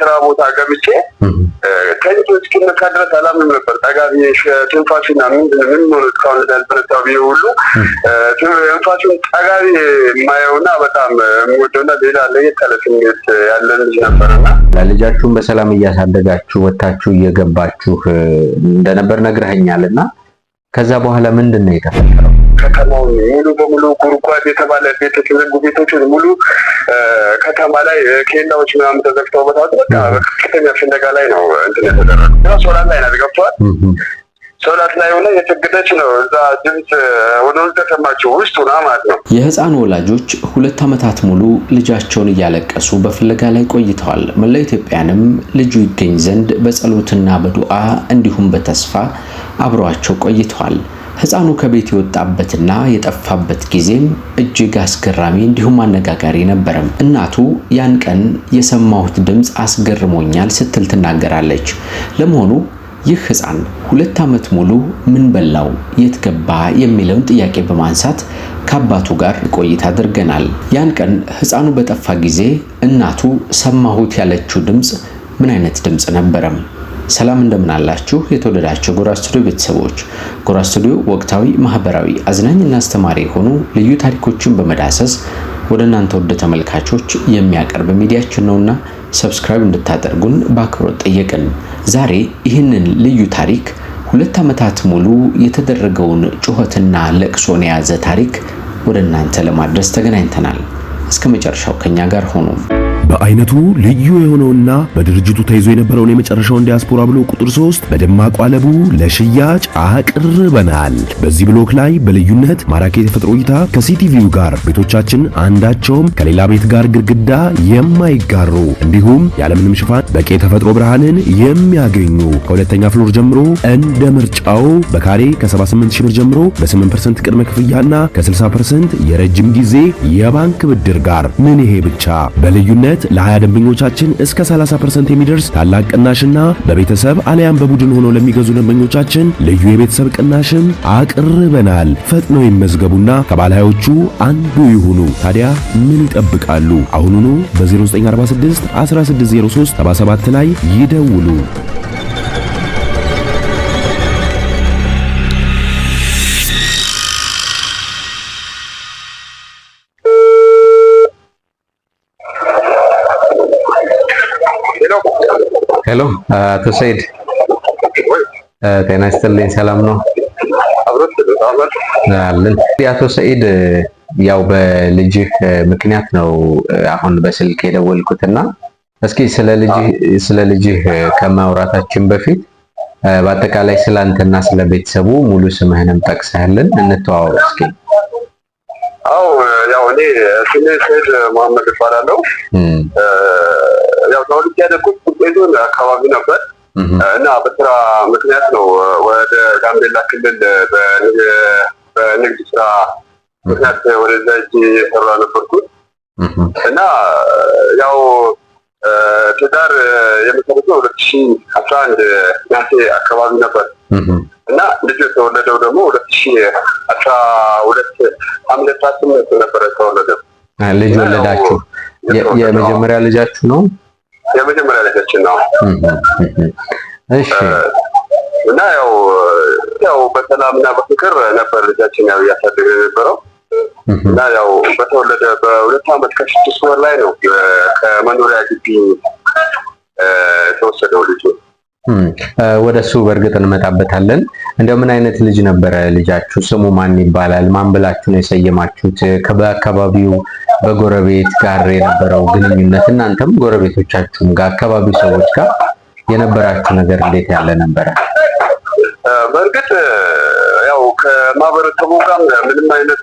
ስራ ቦታ ገብቼ ከዚህ እስኪነካ ድረስ አላምንም ነበር። ጠጋ ትንፋሽና ምን ሆነ እስካሁን እንዳልተነሳ ብዬ ሁሉ ትንፋሽን ጠጋ የማየውና በጣም የምወደውና ሌላ ለየት ያለ ስሜት ያለን ልጅ ነበርና ልጃችሁን በሰላም እያሳደጋችሁ ወታችሁ እየገባችሁ እንደነበር ነግረኸኛል እና ከዛ በኋላ ምንድን ነው የተፈጠረው? ከተማውን ሙሉ በሙሉ ጉርጓድ የተባለ ቤት የተዘጉ ቤቶችን ሙሉ ከተማ ላይ ኬላዎች ምናምን ተዘግተው በታት በቃ በከፍተኛ ፍለጋ ላይ ነው እንትን የተደረገ ሶላት ላይ ናት ገብቷል። ሶላት ላይ ሆነ የሰገደች ነው። እዛ ድምፅ ሆኖ ተሰማቸው ውስጥ ሆና ማለት ነው። የህፃን ወላጆች ሁለት ዓመታት ሙሉ ልጃቸውን እያለቀሱ በፍለጋ ላይ ቆይተዋል። መላው ኢትዮጵያንም ልጁ ይገኝ ዘንድ በጸሎትና በዱዓ እንዲሁም በተስፋ አብረዋቸው ቆይተዋል። ሕፃኑ ከቤት የወጣበትና የጠፋበት ጊዜም እጅግ አስገራሚ እንዲሁም አነጋጋሪ ነበረም። እናቱ ያን ቀን የሰማሁት ድምፅ አስገርሞኛል ስትል ትናገራለች። ለመሆኑ ይህ ሕፃን ሁለት ዓመት ሙሉ ምን በላው፣ የት ገባ የሚለውን ጥያቄ በማንሳት ከአባቱ ጋር ቆይታ አድርገናል። ያን ቀን ሕፃኑ በጠፋ ጊዜ እናቱ ሰማሁት ያለችው ድምፅ ምን አይነት ድምፅ ነበረም? ሰላም እንደምን አላችሁ? የተወደዳችሁ ጎራ ስቱዲዮ ቤተሰቦች፣ ጎራ ስቱዲዮ ወቅታዊ፣ ማህበራዊ፣ አዝናኝና አስተማሪ የሆኑ ልዩ ታሪኮችን በመዳሰስ ወደ እናንተ ወደ ተመልካቾች የሚያቀርብ ሚዲያችን ነውና ሰብስክራይብ እንድታደርጉን በአክብሮት ጠየቅን። ዛሬ ይህንን ልዩ ታሪክ ሁለት ዓመታት ሙሉ የተደረገውን ጩኸትና ለቅሶን የያዘ ታሪክ ወደ እናንተ ለማድረስ ተገናኝተናል። እስከ መጨረሻው ከኛ ጋር ሆኖም በአይነቱ ልዩ የሆነውና በድርጅቱ ተይዞ የነበረውን የመጨረሻውን ዲያስፖራ ብሎክ ቁጥር 3 በደማቅ አለቡ ለሽያጭ አቅርበናል። በዚህ ብሎክ ላይ በልዩነት ማራኪ የተፈጥሮ እይታ ከሲቲቪው ጋር ቤቶቻችን አንዳቸውም ከሌላ ቤት ጋር ግድግዳ የማይጋሩ እንዲሁም ያለምንም ሽፋን በቂ የተፈጥሮ ብርሃንን የሚያገኙ ከሁለተኛ ፍሎር ጀምሮ እንደ ምርጫው በካሬ ከ78000 ብር ጀምሮ በ8% ቅድመ ክፍያና ከ60% የረጅም ጊዜ የባንክ ብድር ጋር ምን ይሄ ብቻ በልዩነት ለ20 ደንበኞቻችን እስከ 30% የሚደርስ ታላቅ ቅናሽና በቤተሰብ አሊያም በቡድን ሆኖ ለሚገዙ ደንበኞቻችን ልዩ የቤተሰብ ቅናሽም አቅርበናል። ፈጥነው ይመዝገቡና ከባለሃዮቹ አንዱ ይሁኑ። ታዲያ ምን ይጠብቃሉ? አሁኑኑ በ0946 1603 77 ላይ ይደውሉ። አመሰግናለሁ። አቶ ሰይድ ጤና ይስጥልኝ። ሰላም ነው አለን። አቶ ሰይድ ያው በልጅህ ምክንያት ነው አሁን በስልክ የደወልኩትና እስኪ ስለ ልጅህ ከማውራታችን በፊት በአጠቃላይ ስለ አንተና ስለ ቤተሰቡ ሙሉ ስምህንም ጠቅሰህልን እንተዋወቅ እስኪ። አው ያው እኔ ስሜ ሰይድ መሐመድ እባላለሁ። ያው ተወልጄ ያደግኩት ቁጤቱን አካባቢ ነበር እና በስራ ምክንያት ነው ወደ ጋምቤላ ክልል በንግድ ስራ ምክንያት ወደዛ እጅ የሰራ ነበርኩት እና ያው ትዳር የመሰረተው ሁለት ሺ አስራ አንድ ናሴ አካባቢ ነበር እና ልጁ የተወለደው ደግሞ ሁለት ሺ አስራ ሁለት ስምንት ነበረ የተወለደው ልጅ ወለዳችሁ የመጀመሪያ ልጃችሁ ነው የመጀመሪያ ልጃችን ነው እሺ እና ያው ያው በሰላምና በፍቅር ነበር ልጃችን ያው እያሳደገ የነበረው እና ያው በተወለደ በሁለት ዓመት ከስድስት ወር ላይ ነው ከመኖሪያ ግቢ የተወሰደው ልጅ። ወደ እሱ በእርግጥ እንመጣበታለን። እንደምን አይነት ልጅ ነበረ ልጃችሁ? ስሙ ማን ይባላል? ማን ብላችሁ ነው የሰየማችሁት? በአካባቢው በጎረቤት ጋር የነበረው ግንኙነት እናንተም ጎረቤቶቻችሁም ጋር አካባቢው ሰዎች ጋር የነበራችሁ ነገር እንዴት ያለ ነበረ? በእርግጥ ያው ከማህበረሰቡ ጋር ምንም አይነት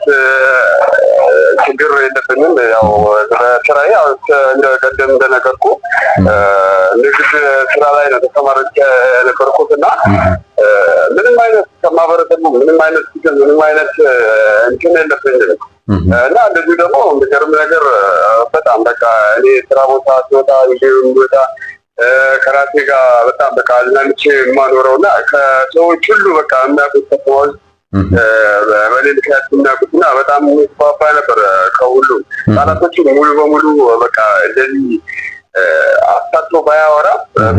ችግር የለብንም። ያው ስራዬ እንደቀደም እንደነገርኩ ንግድ ስራ ላይ ነው ተሰማርቼ የነበርኩት እና ምንም አይነት ከማህበረሰቡ ምንም አይነት ችግር ምንም አይነት እንትን የለብኝም እና እንደዚሁ ደግሞ የሚገርም ነገር በጣም በቃ እኔ ስራ ቦታ ሲወጣ እንዲሁም ቦታ ከራሴ ጋር በጣም በቃ አዝናንቼ የማኖረው እና ከሰዎች ሁሉ በቃ የሚያውቁት ከተማ ውስጥ በመልልካት እና ቁጥና በጣም የሚስፋፋ ነበር። ከሁሉ ቃላቶቹ ሙሉ በሙሉ በቃ እንደዚህ አሳጥቶ ባያወራ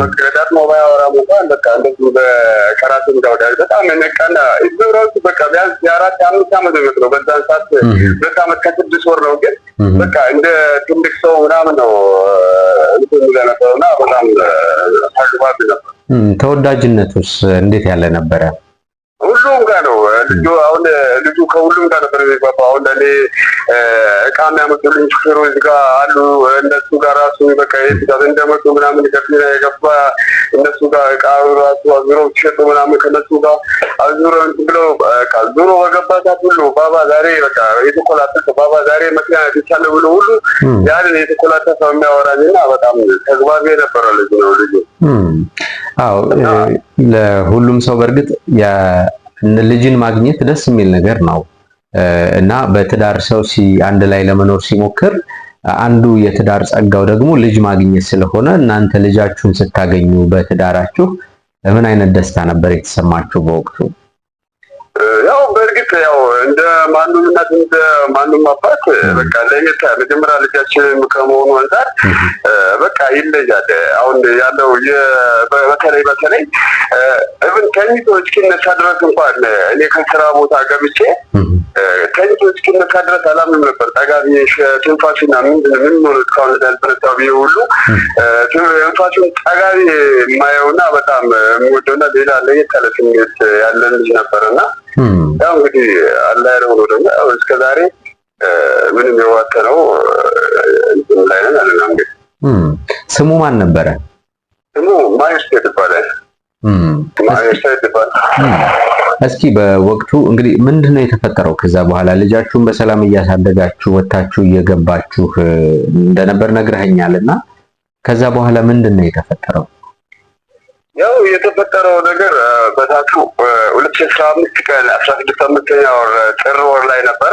መቅረዳት ነው ባያወራ እንኳን በቃ እንደዚህ በከራሱ ጋር በጣም የነቃና እዚህ ራሱ በቃ ቢያንስ የአራት የአምስት ዓመት ነው ነው በዛን ሰዓት ሁለት ዓመት ከስድስት ወር ነው፣ ግን በቃ እንደ ትልቅ ሰው ምናምን ነው እንትን ለነበረውና በጣም ተግባቢ ነበር። ተወዳጅነቱስ እንዴት ያለ ነበረ? ልጁ አሁን ልጁ ከሁሉም ጋር ነበር የሚግባባ። አሁን ለእኔ እቃ የሚያመጡልኝ ሹፌሮች ጋር አሉ። እነሱ ጋር ራሱ በቃ ጋር እንደመጡ ምናምን ከፊና የገባ እነሱ ጋር እቃ ራሱ አዙረው ሲሸጡ ምናምን ከነሱ ጋር አዙረ ብለው በቃ ዙሮ በገባታት ሁሉ ባባ ዛሬ በቃ የተኮላተፈ ባባ ዛሬ መኪና ይቻለ ብሎ ሁሉ ያንን የተኮላተፈ የሚያወራኝ እና በጣም ተግባቢ የነበረ ልጅ ነው ልጁ። አዎ ለሁሉም ሰው በእርግጥ ልጅን ማግኘት ደስ የሚል ነገር ነው እና በትዳር ሰው አንድ ላይ ለመኖር ሲሞክር አንዱ የትዳር ጸጋው ደግሞ ልጅ ማግኘት ስለሆነ እናንተ ልጃችሁን ስታገኙ በትዳራችሁ ምን አይነት ደስታ ነበር የተሰማችሁ በወቅቱ? ያው በእርግጥ ያው እንደ ማንም እናት እንደ ማንም አባት በቃ ለየት መጀመሪያ ልጃችን ከመሆኑ አንጻር በቃ ይለያል። አሁን ያለው በተለይ በተለይ እብን ተኝቶ እስኪነሳ ድረስ እንኳን እኔ ከስራ ቦታ ገብቼ ተኝቶ እስኪነሳ ድረስ አላምንም ነበር። ጠጋቢ ትንፋሽና ምንድን ምን ሆነ እስካሁን እንዳልተነሳ ብዬ ሁሉ ትንፋሽን ጠጋቢ የማየውና በጣም የምወደውና ሌላ ለየት ያለ ስሜት ያለን ልጅ ነበር እና ያው እንግዲህ አላ ያለው ደግሞ እስከ ዛሬ ምንም የዋጠነው እንትን ላይ ነን አለና እንግዲህ ስሙ ማን ነበረ? ስሙ ማየስቴት ይባላል። እስኪ በወቅቱ እንግዲህ ምንድን ነው የተፈጠረው? ከዛ በኋላ ልጃችሁን በሰላም እያሳደጋችሁ ወታችሁ እየገባችሁ እንደነበር ነግረኸኛል እና ከዛ በኋላ ምንድን ነው የተፈጠረው? ያው የተፈጠረው ነገር በታችሁ ሁለት ሺ አስራ አምስት ቀን አስራ ስድስት አምስተኛ ወር ጥር ወር ላይ ነበረ።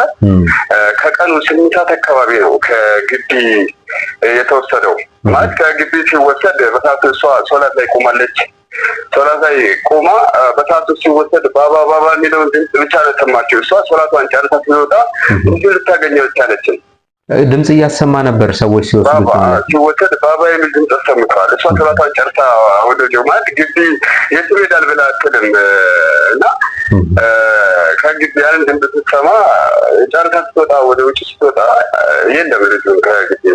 ከቀኑ ስምንት ሰዓት አካባቢ ነው ከግቢ የተወሰደው። ማለት ከግቢ ሲወሰድ በሰዓቱ እሷ ሶላት ላይ ቆማለች። ሶላት ላይ ቆማ በሰዓቱ ሲወሰድ ባባ ባባ የሚለውን ድምፅ ብቻ ነው ሰማችው። እሷ ሶላቷን ጨርሳ ስትወጣ እንዲሁ ልታገኘው ብቻ ነችን ድምጽ እያሰማ ነበር። ሰዎች ሲወስዱት ማለት ባባ የሚል ድምጽ አሰምተዋል። እሷ ሰባቷን ጨርሳ ወደ ጀማት ግቢ የቱ ሄዳል ብላ አትልም እና ከግቢ ያንን ድምጽ ስትሰማ ጨርሳ ስትወጣ፣ ወደ ውጭ ስትወጣ የለም ልጁ ከግቢ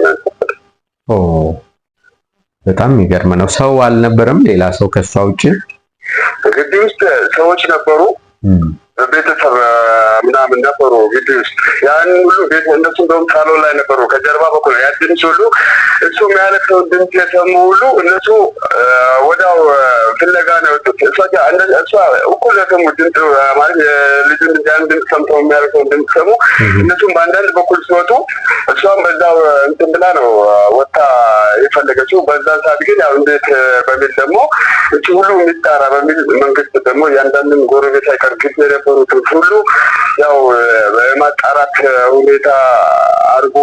በጣም የሚገርም ነው። ሰው አልነበረም ሌላ ሰው ከእሷ ውጭ ግቢ ውስጥ ሰዎች ነበሩ። ቤተሰብ ምናምን ነበሩ ግቢ ውስጥ ያን ሁሉ ቤት እነሱ እንደውም ሳሎን ላይ ነበሩ። ከጀርባ በኩል ያ ድምፅ ሁሉ እሱ የሚያለቅሰው ድምፅ የሰሙ ሁሉ እነሱ ወዳው ፍለጋ ነው የወጡት። እሷ እኩል የሰሙ ድምፅ ማለት የልጁን ያን ድምፅ ሰምተው የሚያለቅሰውን ድምፅ ሰሙ። እነሱም በአንዳንድ በኩል ሲወጡ እሷም በዛው እንትን ብላ ነው ወታ የፈለገችው። በዛን ሰዓት ግን ያው እንዴት በሚል ደግሞ እሱ ሁሉ የሚጣራ በሚል መንግስት ደግሞ እያንዳንድን ጎረቤት አይቀር ግብ የነበሩትን ሁሉ ያው በማጣራት ሁኔታ አድርጎ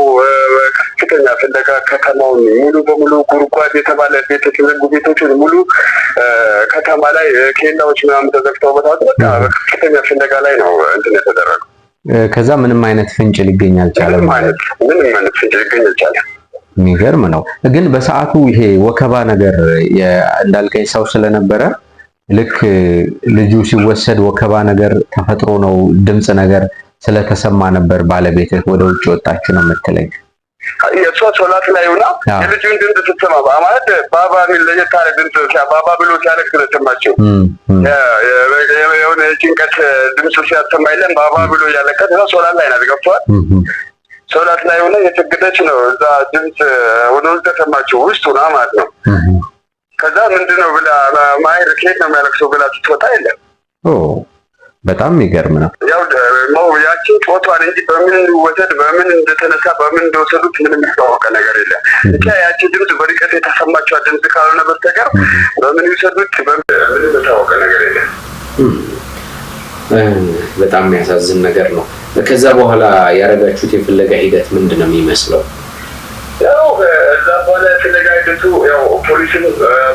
ከፍተኛ ፍለጋ ከተማውን ሙሉ በሙሉ ጉድጓድ የተባለ ቤት የተዘጉ ቤቶችን ሙሉ ከተማ ላይ ኬላዎች ምናምን ተዘግተው በቃ በከፍተኛ ፍለጋ ላይ ነው እንትን የተደረገው። ከዛ ምንም አይነት ፍንጭ ሊገኝ አልቻለም ማለት ምንም አይነት ፍንጭ ሊገኝ አልቻለም። የሚገርም ነው ግን በሰዓቱ ይሄ ወከባ ነገር እንዳልከኝ ሰው ስለነበረ ልክ ልጁ ሲወሰድ ወከባ ነገር ተፈጥሮ ነው ድምፅ ነገር ስለተሰማ ነበር ባለቤትህ ወደ ውጭ ወጣችሁ ነው የምትለኝ። የእሷ ሶላት ላይ ሆና የልጁን ድምፅ ስትሰማ ማለት ባባ ሚል ለየት ያለ ድምፅ ባባ ብሎ ሲያለቅስ ነው የሰማችው። የሆነ የጭንቀት ድምፅ ሲያሰማ የለም ባባ ብሎ እያለቀሰ እዛ ሶላት ላይ ናት ገብቷል። ሶላት ላይ ሆነ የተገደች ነው እዛ ድምፅ ወደ ውስጥ ተሰማችው፣ ውስጡ ሆና ማለት ነው ከዛ ምንድን ነው ብላ ማይር ከየት ነው የሚያለቅሰው ብላ ስትወጣ የለም። በጣም የሚገርም ነው። ያው ያችን ጦቷን እንጂ በምን ወሰድ በምን እንደተነሳ በምን እንደወሰዱት ምንም የሚታወቀ ነገር የለም። ብቻ ያቺ ድምፅ በርቀት የተሰማቸው ድምፅ ካልሆነ በስተቀር በምን ይውሰዱት ምንም የታወቀ ነገር የለም። በጣም የሚያሳዝን ነገር ነው። ከዛ በኋላ ያደረጋችሁት የፍለጋ ሂደት ምንድን ነው የሚመስለው? ነው። እዛ በኋላ የተዘጋጀቱ ያው ፖሊስም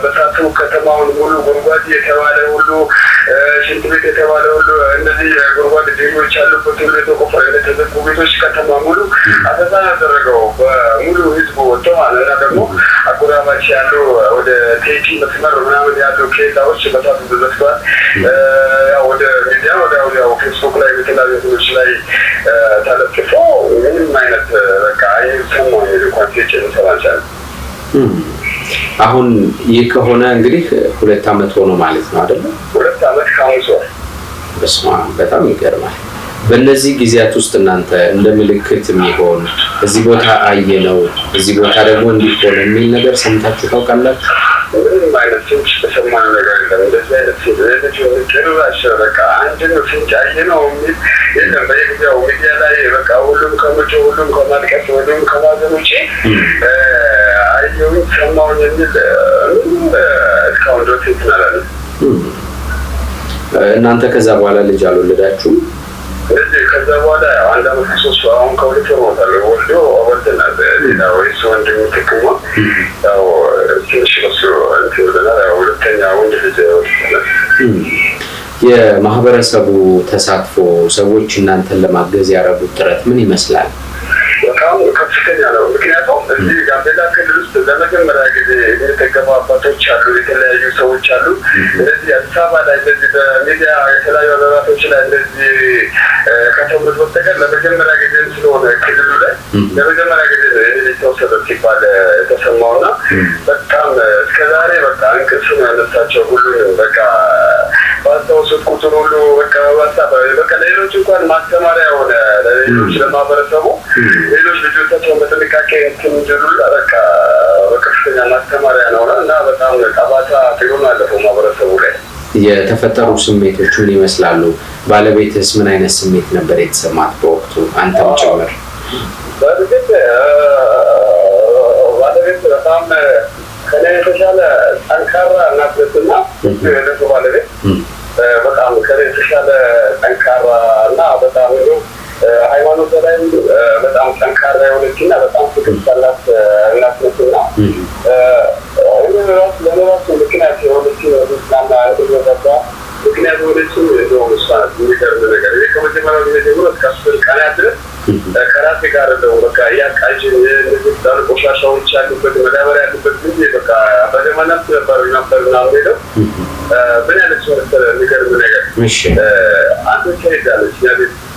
በሳቱ ከተማውን ሁሉ ጉድጓድ የተባለ ሁሉ ሽንት ቤት የተባለ ሁሉ እነዚህ ጉድጓድ ዜጎች ያሉበት ሁሉ የተቆፈረ የተዘጉ ቤቶች ከተማ ሙሉ አሰሳ ያደረገው በሙሉ ህዝቡ ወጥቶ ማለት እና ደግሞ አጎራባች ያሉ ወደ ቴኪ መስመር ምናምን ያሉ ኬላዎች በሳቱ ተዘግተዋል። ወደ ሚዲያ ወደ ያው ፌስቡክ ላይ በተለያዩ ሰዎች ላይ ተለጥፎ ምንም አይነት በቃ ይህ ሰሞ ኳንቴች አሁን ይህ ከሆነ እንግዲህ ሁለት ዓመት ሆኖ ማለት ነው አይደለም? ሁለት ዓመት ከአምስት ወር። በስመ አብ በጣም ይገርማል። በእነዚህ ጊዜያት ውስጥ እናንተ እንደ ምልክት የሚሆን እዚህ ቦታ አየነው፣ እዚህ ቦታ ደግሞ እንዲሆን የሚል ነገር ሰምታችሁ ታውቃላችሁ? ምንም አይነት ፍንጭ የሰማነው ነገር የለም። እንደዚህ አይነት ጭራሽ በቃ አንድ ፍንጭ አየ ነው የሚል የለም። በየጊዜው ሚዲያ ላይ በቃ ሁሉም ከመጮ ሁሉም ከማልቀስ ወይም ከማዘን አየሁኝ ሰማሁኝ የሚል ምንም እስካሁን ድረስ እንትን አላለም። እናንተ ከዛ በኋላ ልጅ አልወለዳችሁም? ከዛ በኋላ አንድ አመት ሶስት አሁን ከሁለት ወር ሆኖታል። ወልዶ አበልተናል። ሌላ ወይስ ወንድም ተክሞ ያው ትንሽ በሱ እንትን ብለናል። ያው ሁለተኛ ወንድ ልጅ ወልተናል። የማህበረሰቡ ተሳትፎ ሰዎች እናንተን ለማገዝ ያደረጉት ጥረት ምን ይመስላል? በጣም ከፍተኛ ነው። ምክንያቱም እዚህ ጋምቤላ ክልል ውስጥ ለመጀመሪያ ጊዜ የተገቡ አባቶች አሉ፣ የተለያዩ ሰዎች አሉ። እዚህ አዲስ አበባ ላይ እንደዚህ በሚዲያ የተለያዩ አበባቶች ላይ እንደዚህ ከተውት በስተቀር ለመጀመሪያ ጊዜ ስለሆነ ክልሉ ላይ ለመጀመሪያ ጊዜ ነው ይህ የተወሰደ ሲባል የተሰማው እና በጣም እስከዛሬ በቃ እንቅልፍ ነው ያነሳቸው ሁሉንም በቃ ባስታወሱት ቁጥር ሁሉ በቃ በቃ በሌሎች እንኳን ማስተማሪያ የሆነ ለሌሎች ለማህበረሰቡ ሌሎች ልጆቻቸው በጥንቃቄ እንትን ጀሉል በቃ በከፍተኛ ማስተማሪያ ነው እና በጣም ጠባሳ ቢሆን አለፈው ማህበረሰቡ ላይ የተፈጠሩ ስሜቶች ምን ይመስላሉ? ባለቤትስ ምን አይነት ስሜት ነበር የተሰማት በወቅቱ አንተም ጭምር? በእርግጥ ባለቤት በጣም ከእኔ የተሻለ ጠንካራ እናት ናት ባለቤት በጣም ከእኔ የተሻለ ጠንካራ እና በጣም ሃይማኖት በላይ በጣም ጠንካራ የሆነች እና በጣም ፍቅር ያላት እናት ነች እና ለራሱ ለራሱ ምክንያት የሆነች ናና ረዳ ምክንያት የሆነች ሳ የሚገርም ነገር ይህ ከመጀመሪያ ጊዜ ጀምሮ እስከ አስር ቀናት ድረስ ከራሴ ጋር ነው በቃ እያቃጅ ምግብ ቆሻሻዎች ያሉበት መዳበሪያ ያሉበት ጊዜ በቃ በደመናት ነበር ነበር ና ሄደው ምን ያለች መሰለ የሚገርም ነገር አንተ ከሄዳለች ያቤት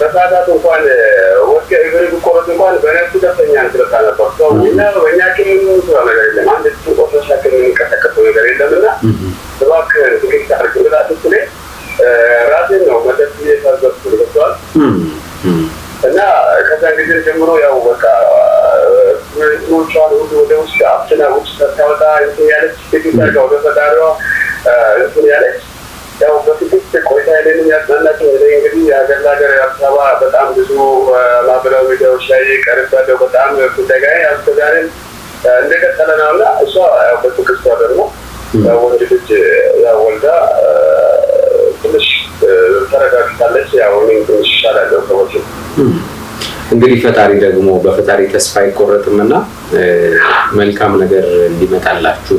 በሳታት እንኳን ወስከ እግር ቢቆረጥ እንኳን በነሱ ደስተኛ ንስለታ ነበር ሰው እና በእኛ ክልል ስራ ነገር የለም። አንድ ሱ ቆሻሻ ክልል የሚንቀሳቀሰው ነገር የለም እና እባክህን ትግስት አድርግ ብላ ስትለኝ ራሴን ነው መጠጥ ሳዘብኩ ገብተዋል እና ከዛ ጊዜ ጀምሮ ያው በቃ ኖቿን ሁሉ ወደ ውስጥ አፍትና ውስጥ ስታወጣ እንትን ያለች ሴት ወደ ፈጣሪዋ እንትን ያለች ያው ይህንን ያጽናናቸው ወይ እንግዲህ የሀገር ለሀገር አዲስ አበባ በጣም ብዙ ማህበራዊ ሚዲያዎች ላይ ቀርብ ያለው በጣም ጉዳይ አስተዳደር እንደቀጠለ ነው እና እሷ በትዕግስቷ ደግሞ ወንድ ልጅ ወልዳ ትንሽ ተረጋግታለች። ያው እኔም ትንሽ ይሻላለሁ ሰዎች እንግዲህ ፈጣሪ ደግሞ በፈጣሪ ተስፋ አይቆረጥም እና መልካም ነገር እንዲመጣላችሁ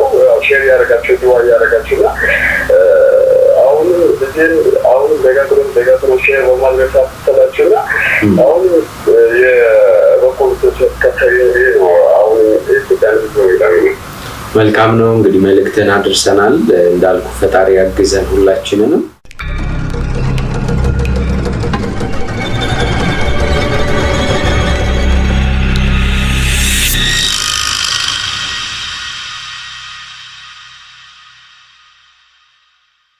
ሼር ያደረጋቸው ድዋ ያደረጋቸው እና አሁን ልጅን አሁን ደጋግሞ ደጋግሞ ሼር በማድረግ ሳትሰላቸው እና አሁን የበኮልቶች ከተሪ አሁን የኢትዮጵያን ህዝብ ነው ይላሉ። መልካም ነው እንግዲህ መልእክትን አድርሰናል። እንዳልኩ ፈጣሪ ያግዘን ሁላችንንም